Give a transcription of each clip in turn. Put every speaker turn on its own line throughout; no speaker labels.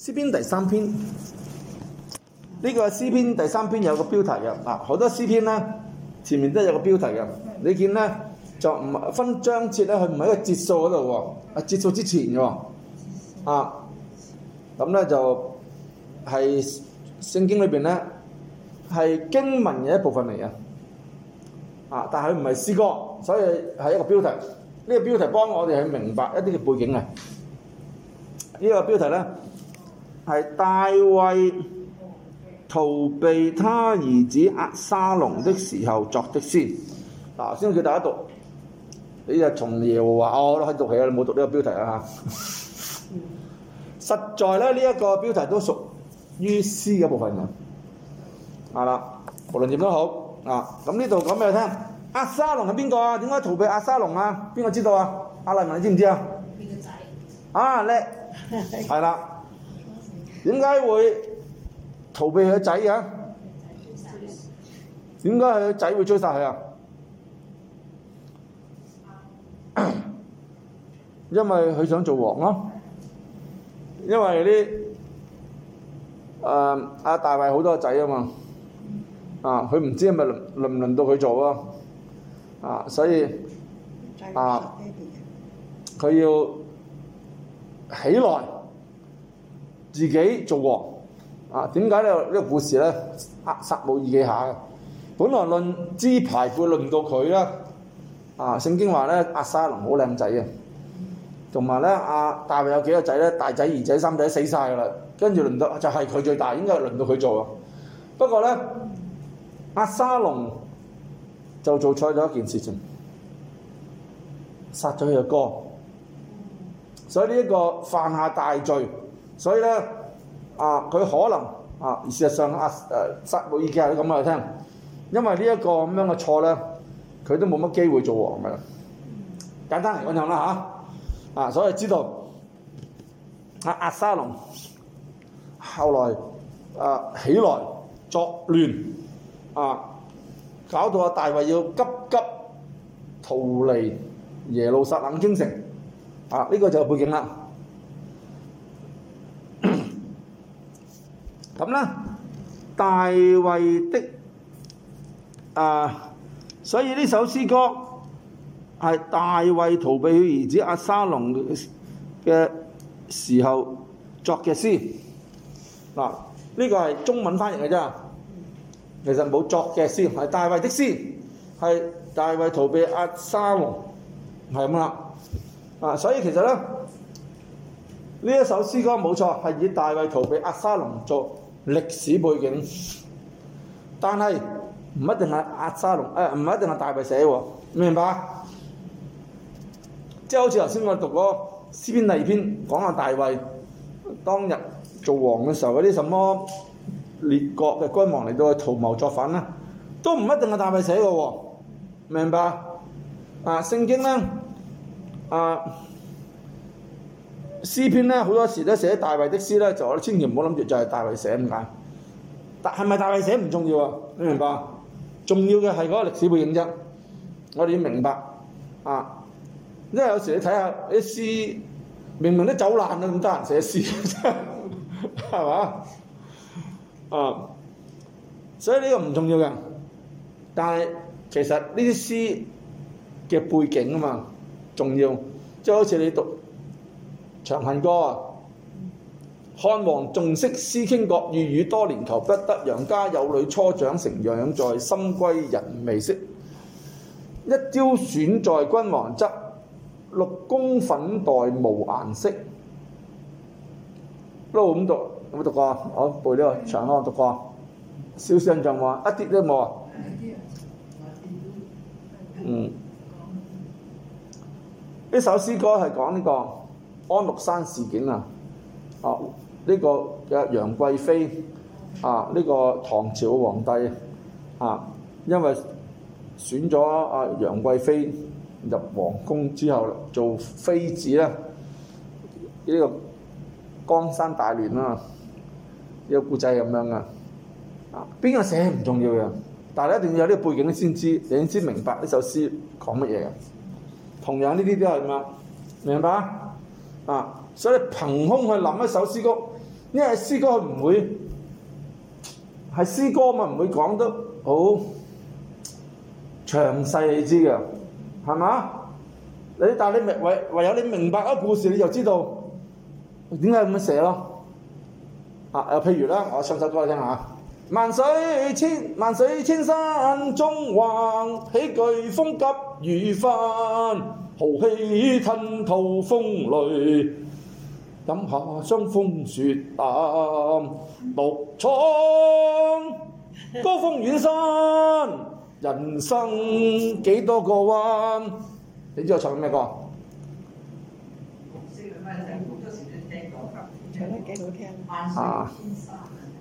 詩篇第三篇，呢個詩篇第三篇有個標題嘅嗱，好多詩篇呢，前面都有個標題嘅。你見呢，就唔分章節咧，佢唔喺個節數嗰度喎，啊節數之前嘅喎啊，咁咧就係聖經裏邊咧係經文嘅一部分嚟嘅啊，但佢唔係詩歌，所以係一個標題。呢個標題幫我哋去明白一啲嘅背景嘅，呢個標題咧。係大衛逃避他兒子押沙龍的時候作的詩。嗱，先叫大家讀。你又從搖話，我都可以讀起啊！你冇讀呢個標題啊？ 實在咧，呢一個標題都屬於詩嘅部分嘅。啊啦，無論點都好啊。咁呢度講俾你聽，押沙龍係邊個啊？點解逃避押沙龍啊？邊個知道啊？阿麗文，你知唔知道啊叻！係、啊、啦。 點解會逃避佢仔呀？點解佢仔會追殺佢啊？因為佢想做王咯。因為啲誒阿大衞好多個仔啊嘛，啊佢唔、啊啊、知係咪輪唔輪,輪到佢做咯、啊，啊所以啊佢要起來。自己做王啊？點解呢？呢個故事咧、啊，殺冇異己下嘅。本來論資排輩，輪到佢啦。啊，聖經話咧，押沙龍好靚仔，同埋咧，阿、啊、大衛有幾個仔咧，大仔、二仔、三仔死晒噶啦，跟住輪到就係、是、佢最大，應該係輪到佢做。不過咧，押沙龍就做錯咗一件事情，殺咗佢個哥，所以呢一個犯下大罪。所以咧，啊，佢可能啊，事實上阿誒塞姆烏基都啲咁嘅嚟聽，因為這這呢一個咁樣嘅錯咧，佢都冇乜機會做王嘅。簡單嚟講啦嚇，啊，所以知道阿押沙龍後來啊，啊，啊起來作亂啊，搞到阿大衛要急急逃離耶路撒冷京城啊，呢、這個就是背景啦。咁咧，大衛的啊，所以呢首詩歌係大衛逃避佢兒子阿沙龍嘅時候作嘅詩。嗱，呢個係中文翻譯嘅啫，其實冇作嘅詩，係大衛的詩，係大衛逃避阿沙龍，係咁啦。啊，所以其實咧，呢一首詩歌冇錯，係以大衛逃避阿沙龍作。歷史背景，但係唔一定係押沙龍，誒、哎、唔一定係大衛寫喎，明白？即、就、係、是、好似頭先我讀嗰詩篇第二篇，講下大衛當日做王嘅時候嗰啲什麼列國嘅君王嚟到去圖謀作反啦，都唔一定係大衛寫嘅喎，明白？啊，聖經咧，啊。詩篇咧好多時咧寫大衛的詩咧，就我千祈唔好諗住就係大衛寫咁解。但係咪大衛寫唔重要啊？你明白？重要嘅係嗰個歷史背景啫。我哋要明白啊，因為有時你睇下啲詩，明明都走爛啦，咁得閒寫詩，係嘛？啊，所以呢個唔重要嘅，但係其實呢啲詩嘅背景啊嘛重要，即係好似你讀。《長恨歌》漢皇重色思傾國，御宇多年求不得。楊家有女初長成，養在深閨人未識。一朝選在君王側，六宮粉黛無顏色。都咁讀，有冇讀過？我、哦、背呢、這個《長恨歌》讀過。少少印象喎，一啲都冇啊。嗯，呢首詩歌係講呢、這個。安祿山事件啊！啊，呢、這個嘅楊貴妃啊，呢、這個唐朝嘅皇帝啊，啊，因為選咗阿楊貴妃入皇宮之後做妃子咧、啊，呢、這個江山大亂呢，有故仔咁樣噶啊。邊、這個啊啊、個寫唔重要嘅，但係一定要有呢個背景，先知，你先明白呢首詩講乜嘢同樣呢啲都係點啊？明白、啊啊！所以你憑空去諗一首詩歌，因為詩歌佢唔會係詩歌嘛，唔會講得好詳細你知嘅，係嘛？你但係你明唯，唯有你明白嗰故事，你就知道點解咁寫咯。啊！譬、啊、如呢，我唱一首歌給你聽下，啊《萬水千萬水千山》中橫起巨風急雨翻。豪氣吞吐風雷，飲下霜風雪膽，獨闖高峰遠山。人生幾多個彎？你知道我唱咩歌？啊！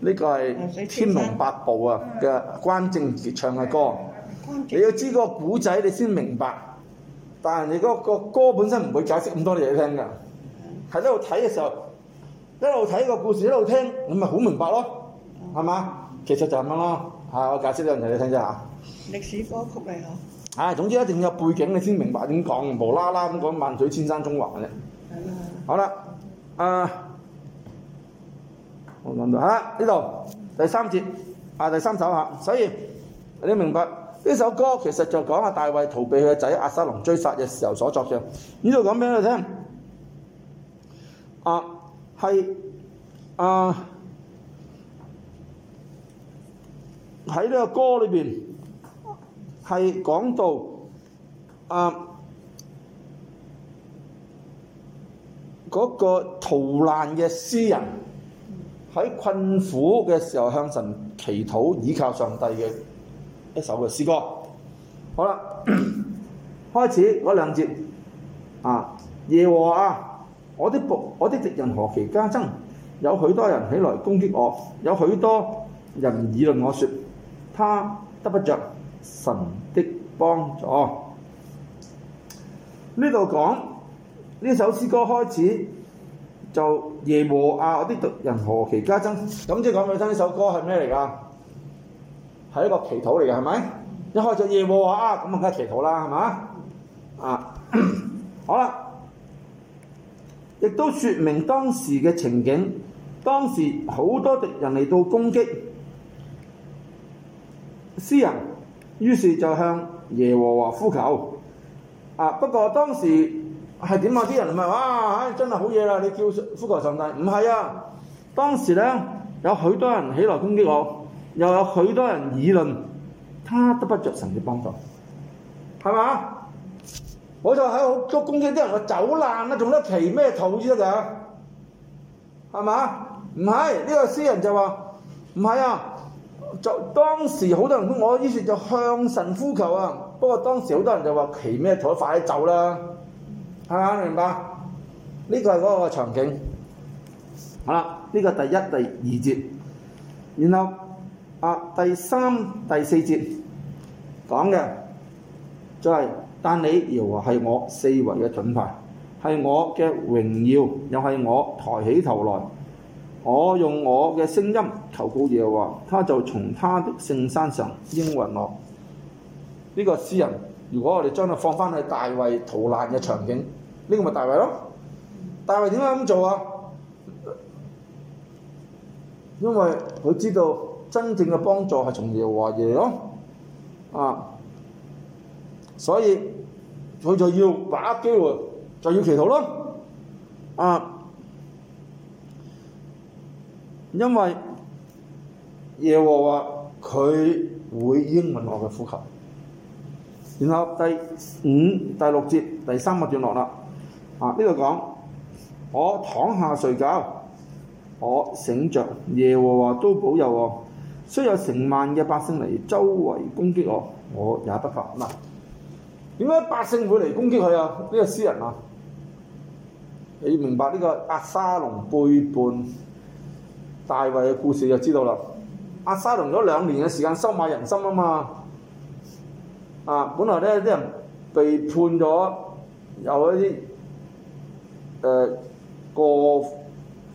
呢個係《天龍八部》啊嘅關正傑唱嘅歌。你要知個古仔，你先明白。但係你嗰個歌本身唔會解釋咁多嘢聽㗎，喺一路睇嘅時候，一路睇個故事一路聽，你咪好明白咯，係嘛？其實就係咁咯，我解釋呢樣嘢你聽先嚇。歷史歌曲嚟嗬。總之一定要有背景你先明白點講，無啦啦咁講萬水千山中華嘅啫。係好了啊，我諗到呢度第三節第三首，所以你明白。呢首歌其實就講阿大衛逃避佢個仔押沙龍追殺嘅時候所作嘅。這呢度講俾你聽，啊，係啊，喺呢個歌裏面，係講到啊嗰、那個逃難嘅詩人喺困苦嘅時候向神祈禱，依靠上帝嘅。一首嘅詩歌，好啦，開始嗰兩節啊，耶和啊，我啲仆，我啲敵人何其加增，有許多人起來攻擊我，有許多人議論我說，說他得不着神的幫助。呢度講呢首詩歌開始就耶和啊，我啲敵人何其加增，咁、嗯、即係講俾你聽呢首歌係咩嚟㗎？係一個祈禱嚟嘅，係咪？一開始耶和華啊，咁啊梗係祈禱啦，係嘛？好啦，亦都說明當時嘅情景，當時好多敵人嚟到攻擊，詩人於是就向耶和華呼求。啊，不過當時係點啊？啲人咪話，啊哎，真係好嘢啦！你叫呼求上帝？唔係啊，當時呢，有許多人起來攻擊我。嗯又有許多人議論，他得不着神嘅幫助，係吧？我就喺好多攻擊啲人我走難啦，仲得祈咩禱先得嘅？係嘛？唔係呢個詩人就話唔係啊，當時好多人，我於是就向神呼求啊。不過當時好多人就話祈咩禱快點走啦，啊，係吧？明白？呢、這個係嗰個場景。好啦，呢、這個第一、第二節，然後。啊！第三、第四節講嘅就係、是、但你，耶和華係我四圍嘅盾牌，係我嘅榮耀，又係我抬起頭來，我用我嘅聲音求告耶和華，他就從他的聖山上應允我。呢、這個詩人，如果我哋將佢放翻去大衛逃難嘅場景，呢、這個咪大衛咯？大衛點解咁做啊？因為佢知道。真正嘅幫助係從耶和華嚟咯，啊，所以佢就要把握機會，就要祈禱咯，啊，因為耶和華佢會應允我嘅呼求。然後第五、第六節第三個段落啦，啊，呢度講我躺下睡覺，我醒着，耶和華都保佑我。雖有成萬嘅百姓嚟周圍攻擊我，我也不怕。嗱，點解百姓會嚟攻擊佢啊？呢、這個詩人啊，你明白呢個阿沙龍背叛大衛嘅故事就知道啦。阿沙龍用咗兩年嘅時間收買人心啊嘛。啊，本來呢啲人被判咗，有一啲誒過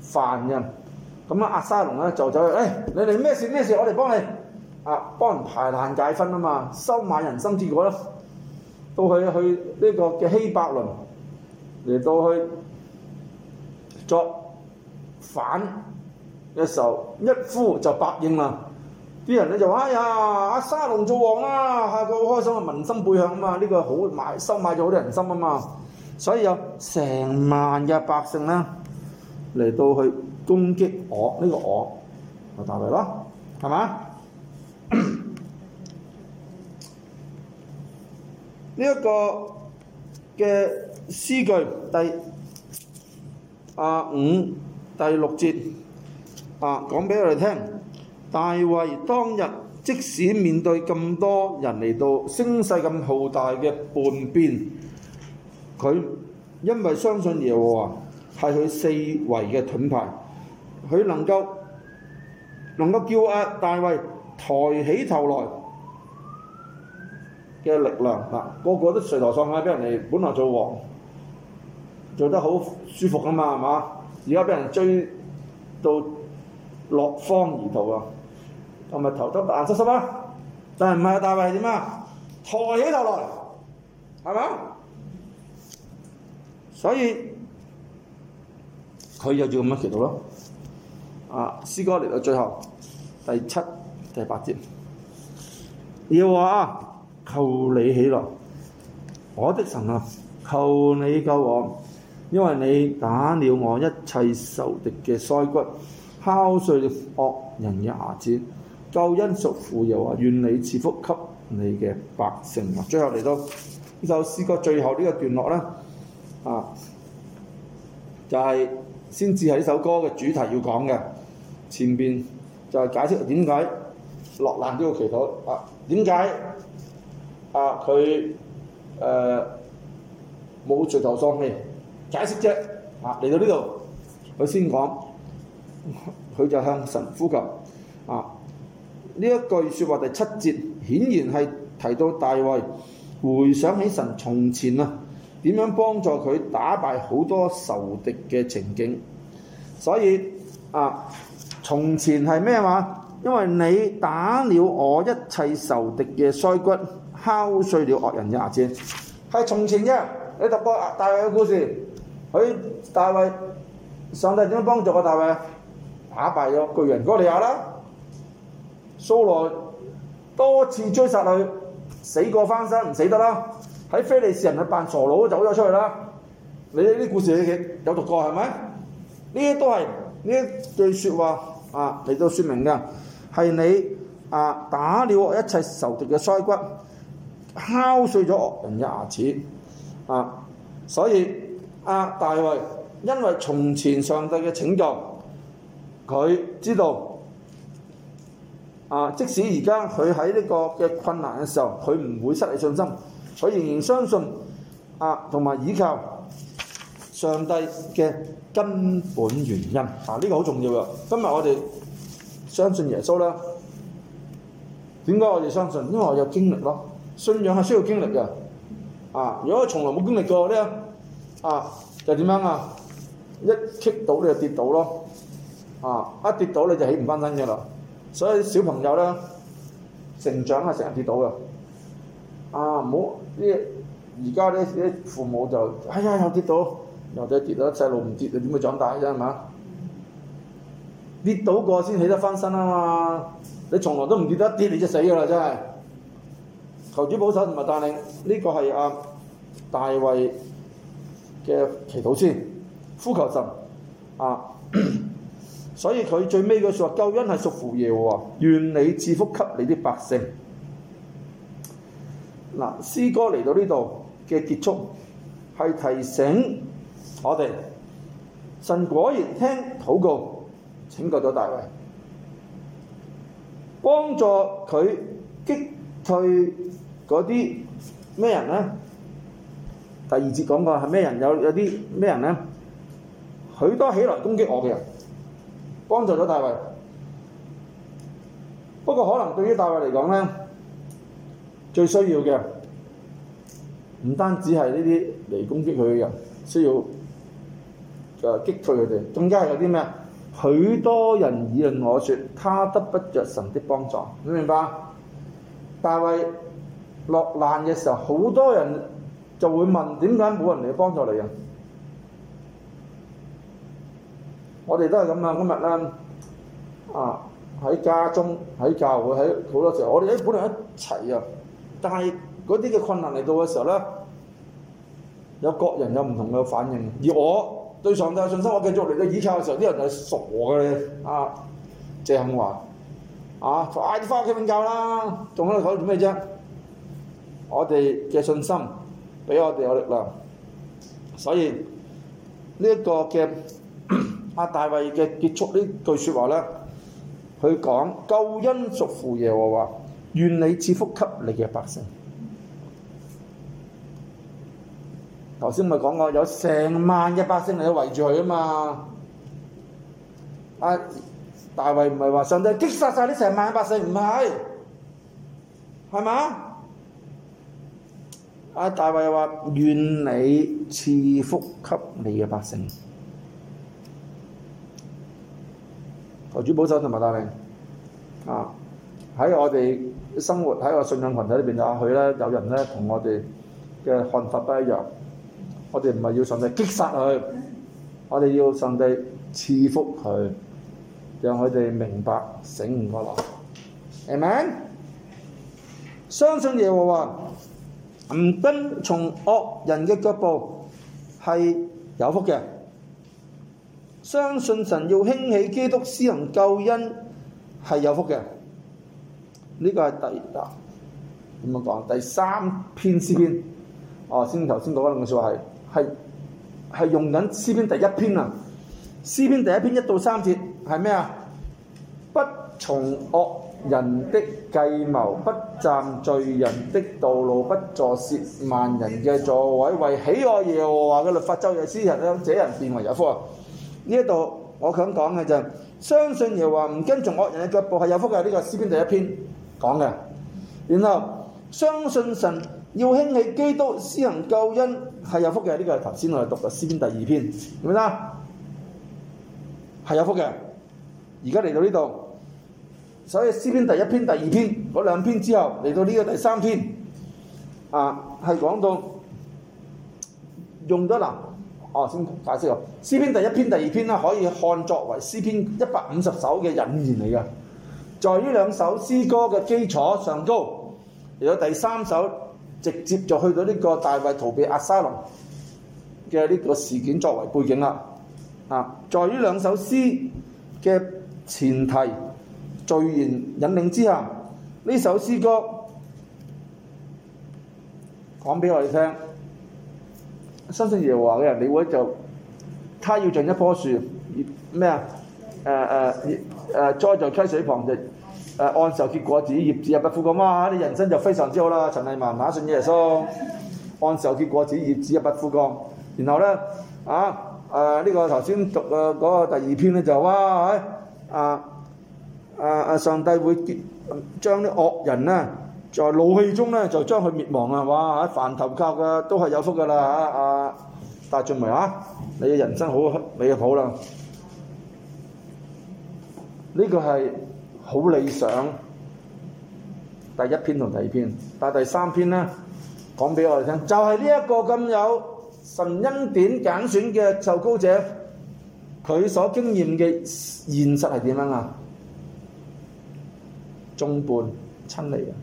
犯人。咁咧，麼阿沙龍咧就走去，誒、哎，你哋咩事咩事？我哋幫你啊！幫人排難解紛啊嘛，收買人心，結果咧，到去去呢、這個嘅希、這個、伯倫嚟到去作反嘅時候，一呼就百應啦！啲人咧就話：哎呀，阿沙龍做王啦、啊，下個好開心啊！民心背向啊嘛，呢、這個好買收買咗好多人心啊嘛，所以有成萬嘅百姓咧嚟到去。攻擊我呢個我，阿大衞咯，係嘛？呢一個嘅詩句第啊五第六節啊，講俾我哋聽。大衞當日即使面對咁多人嚟到，聲勢咁浩大嘅叛變，佢因為相信耶和華係佢四圍嘅盾牌。佢能夠能夠叫阿大衛抬起頭來嘅力量嗱，個個都垂頭喪氣，俾人哋本來做王做得好舒服噶嘛，係嘛？而家俾人追到落荒而逃失失啊，係咪？頭耷耷眼濕濕啦，但唔係大衛點啊？抬起頭來係嘛？所以佢又叫咁樣做到咯。啊！詩歌嚟到最後第七、第八節，耶和華啊，求你起來，我的神啊，求你救我，因為你打了我一切仇敵嘅腮骨，敲碎惡人嘅牙齒，救恩屬父。又啊，願你賜福給你嘅百姓啊！最後嚟到呢首詩歌最後呢個段落啦，啊，就係先至係呢首歌嘅主題要講嘅。前面就係解釋點解落難呢個祈禱啊？點解啊？佢誒冇垂頭喪氣，解釋啫啊！嚟到呢度，佢先講，佢就向神呼求啊！呢一句説話第七節，顯然係提到大衛回想起神從前啊點樣幫助佢打敗好多仇敵嘅情景，所以啊～從前係咩話？因為你打了我一切仇敵嘅腮骨，敲碎了惡人嘅牙齒。係從前啫。你讀過大衛嘅故事？佢大衛，上帝點樣幫助我大衛？打敗咗巨人哥尼雅哥利亞啦。掃羅多次追殺佢，死過翻生唔死得啦。喺非利士人嘅扮傻佬走咗出去啦。你呢啲故事你有讀過係咪？呢啲都係呢一句説話。啊！嚟到説明嘅係你啊，打了我一切仇敵嘅腮骨，敲碎咗惡人嘅牙齒啊！所以啊，大衛因為從前上帝嘅拯救，佢知道啊，即使而家佢喺呢個嘅困難嘅時候，佢唔會失去信心，佢仍然相信啊，同埋依靠。上帝嘅根本原因啊，呢、這個好重要嘅。今日我哋相信耶穌咧，點解我哋相信？因為我們有經歷咯。信仰係需要經歷嘅。啊，如果從來冇經歷過呢，啊，就點樣啊？一棘到你就跌倒咯。啊，一跌倒你就起唔翻身嘅啦。所以小朋友呢，成長係成日跌倒嘅。啊，唔好啲而家啲父母就，哎呀，又跌倒。或者跌啦，細路唔跌，你點會長大啫？係嘛？跌倒過先起得翻身啊嘛！你從來都唔跌得一跌，跌你就死啦！真係求主保守。唔係帶領呢個係啊，大衛嘅祈禱先呼求神啊。所以佢最尾嗰句話說：救恩係屬乎耶和華，願你賜福給你啲百姓。嗱、啊，詩歌嚟到呢度嘅結束係提醒。我哋神果然聽禱告，拯救咗大衛，幫助佢擊退嗰啲咩人呢？第二節講過係咩人？有，有啲咩人呢？許多起來攻擊我嘅人，幫助咗大衛。不過可能對於大衛嚟講咧，最需要嘅唔單止係呢啲嚟攻擊佢嘅人，需要。就擊退佢哋。仲加有啲咩啊？許多人議論我説，他得不着神的幫助，你明白？但係落難嘅時候，好多人就會問：點解冇人嚟幫助你啊？我哋都係咁啊！今日咧啊，喺家中、喺教會、喺好多時候，我哋誒本嚟一齊啊，但係嗰啲嘅困難嚟到嘅時候咧，有各人有唔同嘅反應，而我。對上帝有信心，我繼續嚟到倚靠嘅時候，啲人就係傻嘅，啊，謝杏華，啊，快啲翻屋企瞓覺啦，仲喺度講啲咩啫？我哋嘅信心俾我哋有力量，所以呢一個嘅阿、啊、大衛嘅結束句呢句説話咧，佢講，救恩屬乎耶和華，願你賜福給你嘅百姓。頭先咪講過，有成萬嘅百姓嚟到圍住佢啊嘛。阿大衞唔係話上帝擊殺晒啲成萬嘅百姓，唔係，係咪啊？大衞話：願你賜福給你嘅百姓。求主保守同埋帶領啊！喺我哋生活喺個信仰群體裏邊啊，佢咧有人咧同我哋嘅看法不一樣。我哋唔係要上帝擊殺佢，我哋要上帝賜福佢，讓佢哋明白醒悟過來，明唔明？相信耶和華，唔跟從惡人嘅腳步係有福嘅。相信神要興起基督施行救恩係有福嘅。呢、這個係第二啦，咁樣講第三篇詩篇。先頭先講嗰兩句話係。係係用緊《詩篇》第一篇啊，《詩篇》第一篇一到三節係咩啊？不從惡人的計謀，不站罪人的道路，不坐褻慢人嘅座位，惟喜愛耶和華嘅律法，晝夜思想呢這人變為有福啊！呢一度我想講嘅就相信耶和華，唔跟從惡人嘅腳步係有福嘅，呢個《詩篇》第一篇講嘅。然後相信神，要興起基督施行救恩係有福嘅，呢個頭先我哋讀嘅詩篇第二篇，係咪先？係有福嘅。而家嚟到呢度，所以詩篇第一篇、第二篇嗰兩篇之後，嚟到呢個第三篇啊，係講到用咗啦。哦，先解釋喎，詩篇第一篇、第二篇呢，可以看作為詩篇一百五十首嘅引言嚟嘅，在呢兩首詩歌嘅基礎上高嚟到第三首。直接就去到呢個大衛逃避押沙龍嘅呢個事件作為背景啦。啊，在呢兩首詩嘅前提序言引領之下，呢首詩歌講俾我哋聽：，相信耶和華嘅人，你會就他要像一棵樹，咩啊？誒誒誒，栽在溪水旁邊。誒、啊、按時結果子，葉子也不枯乾，哇！你人生就非常之好啦。陳麗文，馬上耶穌，按時結果子，葉子也不枯乾。然後咧，啊誒呢、啊這個頭先讀嘅嗰個第二篇咧，就哇、啊！啊啊啊！上帝會結將啲惡人咧，在怒氣中咧就將佢滅亡啊！哇！喺凡投靠嘅都係有福㗎啦！啊，大俊文啊，你嘅人生好美好、啊、啦！呢、這個係。好理想，第一篇同第二篇，但係第三篇呢，講俾我哋聽，就係呢一個咁有神恩典揀選嘅受膏者，佢所經驗嘅現實係點樣啊？眾叛親離啊！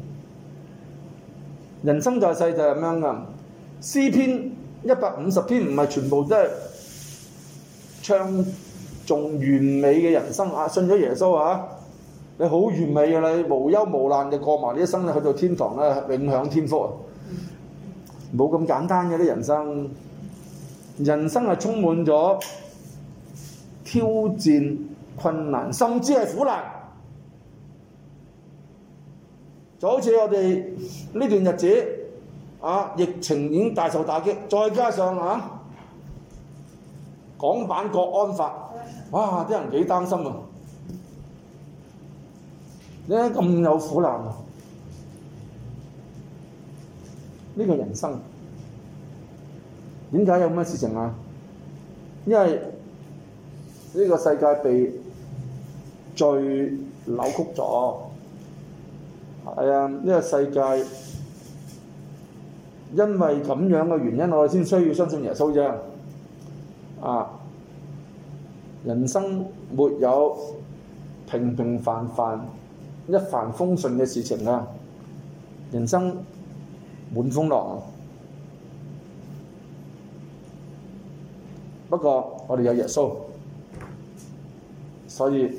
人生在世就係咁樣噶。詩篇一百五十篇唔係全部都係唱頌完美嘅人生啊！信咗耶穌啊！你好完美㗎啦！你無憂無難就過埋呢一生啦，去到天堂啦，永享天福啊！冇咁簡單嘅，啲人生，人生係充滿咗挑戰、困難，甚至係苦難。就好似我哋呢段日子啊，疫情已經大受打擊，再加上啊，港版國安法，哇！啲人幾擔心啊！解咁有苦難、啊，呢、這個人生點解有咁嘅事情啊？因為呢個世界被最扭曲咗，係啊！呢、這個世界因為咁樣嘅原因，我哋先需要相信耶穌啫。啊！人生沒有平平凡凡。一帆風順嘅事情啊，人生滿風浪。不過我哋有耶穌，所以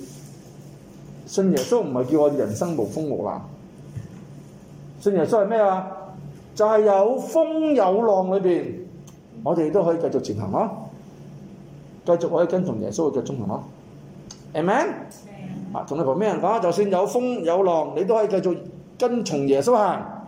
信耶穌唔係叫我人生無風無浪。信耶穌係咩啊？就係、是、有風有浪裏邊，我哋都可以繼續前行咯、啊，繼續可以跟從耶穌嘅忠行咯、啊。Amen 啊！同你講咩人講啊，就算有風有浪，你都可以繼續跟從耶穌行。